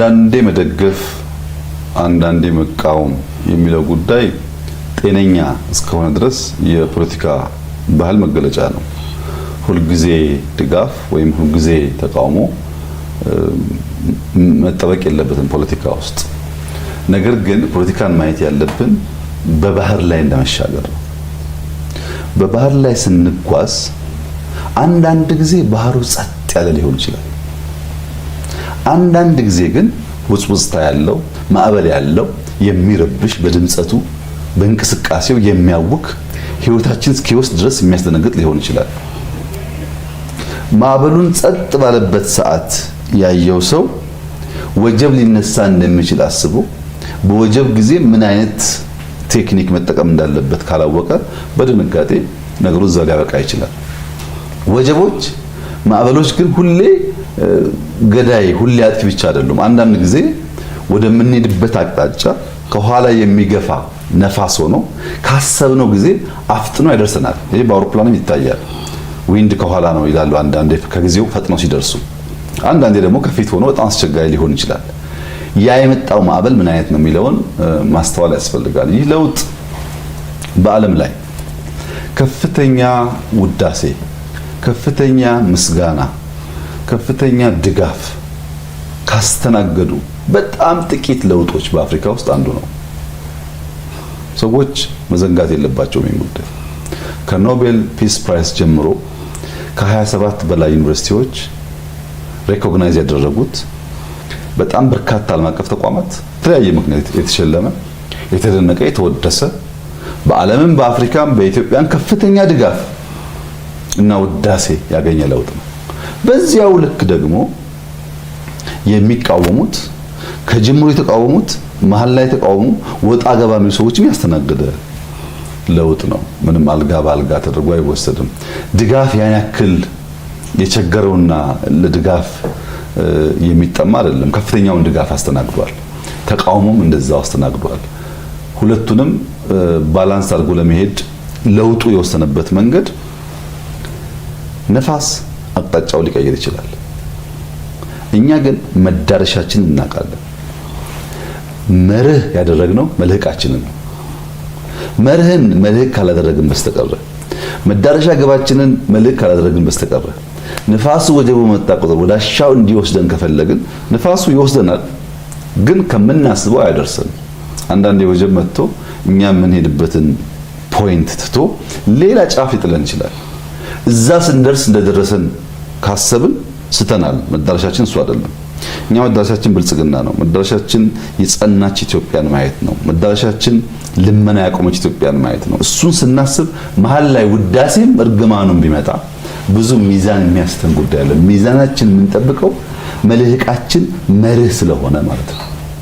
አንዳንዴ መደገፍ አንዳንዴ መቃወም የሚለው ጉዳይ ጤነኛ እስከሆነ ድረስ የፖለቲካ ባህል መገለጫ ነው። ሁልጊዜ ድጋፍ ወይም ሁልጊዜ ተቃውሞ መጠበቅ የለበትም ፖለቲካ ውስጥ። ነገር ግን ፖለቲካን ማየት ያለብን በባህር ላይ እንደመሻገር ነው። በባህር ላይ ስንጓዝ አንዳንድ ጊዜ ባህሩ ጸጥ ያለ ሊሆን ይችላል። አንዳንድ ጊዜ ግን ውጽውጽታ ያለው ማዕበል ያለው የሚረብሽ በድምጸቱ በእንቅስቃሴው የሚያውክ ህይወታችን እስኪወስድ ድረስ የሚያስደነግጥ ሊሆን ይችላል። ማዕበሉን ጸጥ ባለበት ሰዓት ያየው ሰው ወጀብ ሊነሳ እንደሚችል አስቦ በወጀብ ጊዜ ምን አይነት ቴክኒክ መጠቀም እንዳለበት ካላወቀ በድንጋጤ ነገሩ እዛው ሊያበቃ ይችላል። ወጀቦች፣ ማዕበሎች ግን ሁሌ ገዳይ ሁሌ አጥፊ ብቻ አይደሉም። አንዳንድ ጊዜ ወደምንሄድበት አቅጣጫ ከኋላ የሚገፋ ነፋስ ሆኖ ካሰብነው ጊዜ አፍጥኖ ያደርሰናል። ይሄ በአውሮፕላንም ይታያል። ዊንድ ከኋላ ነው ይላሉ አንዳንዴ ከጊዜው ፈጥኖ ሲደርሱ፣ አንዳንዴ ደግሞ ከፊት ሆኖ በጣም አስቸጋሪ ሊሆን ይችላል። ያ የመጣው ማዕበል ምን አይነት ነው የሚለውን ማስተዋል ያስፈልጋል። ይህ ለውጥ በዓለም ላይ ከፍተኛ ውዳሴ፣ ከፍተኛ ምስጋና ከፍተኛ ድጋፍ ካስተናገዱ በጣም ጥቂት ለውጦች በአፍሪካ ውስጥ አንዱ ነው። ሰዎች መዘንጋት የለባቸውም ይህ ጉዳይ። ከኖቤል ፒስ ፕራይስ ጀምሮ ከ27 በላይ ዩኒቨርሲቲዎች ሬኮግናይዝ ያደረጉት በጣም በርካታ ዓለም አቀፍ ተቋማት በተለያየ ምክንያት የተሸለመ የተደነቀ የተወደሰ በዓለምም በአፍሪካም በኢትዮጵያን ከፍተኛ ድጋፍ እና ውዳሴ ያገኘ ለውጥ ነው። በዚያው ልክ ደግሞ የሚቃወሙት ከጅምሩ የተቃወሙት መሀል ላይ የተቃወሙ ወጣ ገባ የሚሉ ሰዎችም ያስተናገደ ለውጥ ነው። ምንም አልጋ በአልጋ ተደርጎ አይወሰድም። ድጋፍ ያን ያክል የቸገረውና ለድጋፍ የሚጠማ አይደለም። ከፍተኛውን ድጋፍ አስተናግዷል። ተቃውሞም እንደዛው አስተናግዷል። ሁለቱንም ባላንስ አድርጎ ለመሄድ ለውጡ የወሰነበት መንገድ ነፋስ አቅጣጫው ሊቀይር ይችላል። እኛ ግን መዳረሻችን እናውቃለን። መርህ ያደረግነው መልህቃችንን ነው። መርህን መልህቅ ካላደረግን በስተቀረ መዳረሻ ግባችንን መልህቅ ካላደረግን በስተቀረ ንፋሱ ወጀቡ መጣ ቁጥር ወዳሻው እንዲወስደን ከፈለግን ንፋሱ ይወስደናል፣ ግን ከምናስበው አይደርስም አንዳንድ ወጀብ መጥቶ እኛ የምንሄድበትን ፖይንት ትቶ ሌላ ጫፍ ይጥለን ይችላል። እዛ ስንደርስ እንደደረሰን ካሰብን ስተናል። መዳረሻችን እሱ አይደለም። እኛ መዳረሻችን ብልጽግና ነው። መዳረሻችን የጸናች ኢትዮጵያን ማየት ነው። መዳረሻችን ልመና ያቆመች ኢትዮጵያን ማየት ነው። እሱን ስናስብ መሀል ላይ ውዳሴም እርግማኑም ቢመጣ ብዙ ሚዛን የሚያስተን ጉዳይ አለ። ሚዛናችን የምንጠብቀው መልህቃችን መርህ ስለሆነ ማለት ነው።